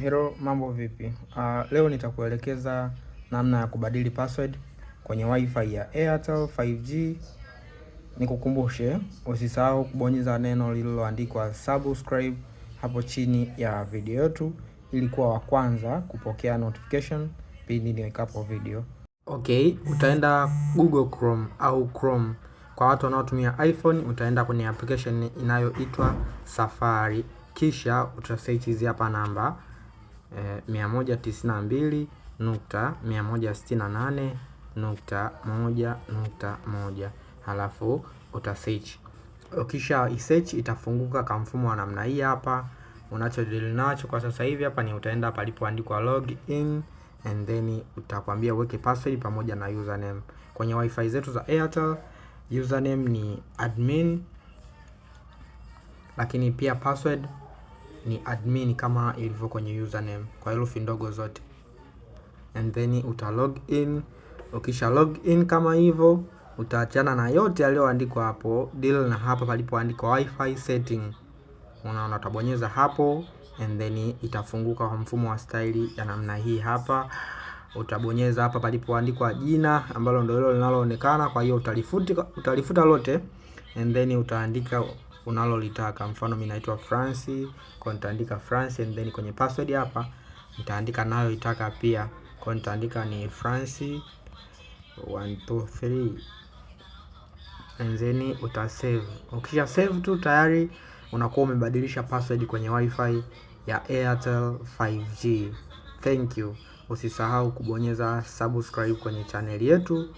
Hello, mambo vipi? Uh, leo nitakuelekeza namna ya kubadili password kwenye wifi ya Airtel 5G. Nikukumbushe, usisahau kubonyeza neno lililoandikwa subscribe hapo chini ya video yetu ili kuwa wa kwanza kupokea notification pindi niwekapo video. Okay, utaenda Google Chrome au Chrome. Kwa watu wanaotumia iPhone utaenda kwenye application inayoitwa Safari, kisha utasearch hizi hapa namba 192.168.1.1 halafu search. Ukisha search itafunguka kama mfumo wa namna hii hapa. unacho deal nacho kwa sasa hivi hapa ni utaenda palipoandikwa log in and then utakwambia uweke password pamoja na username. Kwenye wifi zetu za Airtel username ni admin, lakini pia password ni admin kama ilivyo kwenye username kwa herufi ndogo zote, and then uta log in. Ukisha log in kama hivyo, utaachana na yote yaliyoandikwa hapo deal na hapa palipoandikwa wifi setting, unaona utabonyeza hapo and then itafunguka kwa mfumo wa staili ya namna hii hapa. Utabonyeza hapa palipoandikwa jina ambalo ndio hilo linaloonekana, kwa hiyo utalifuta, utalifuta lote and then utaandika unalolitaka. Mfano mimi naitwa Francis, kwa nitaandika Francis and then kwenye password hapa nitaandika nayoitaka pia. Kwa nitaandika ni Francis 123 and then uta save. Ukisha save tu tayari unakuwa umebadilisha password kwenye wifi ya Airtel 5G. Thank you. Usisahau kubonyeza subscribe kwenye chaneli yetu.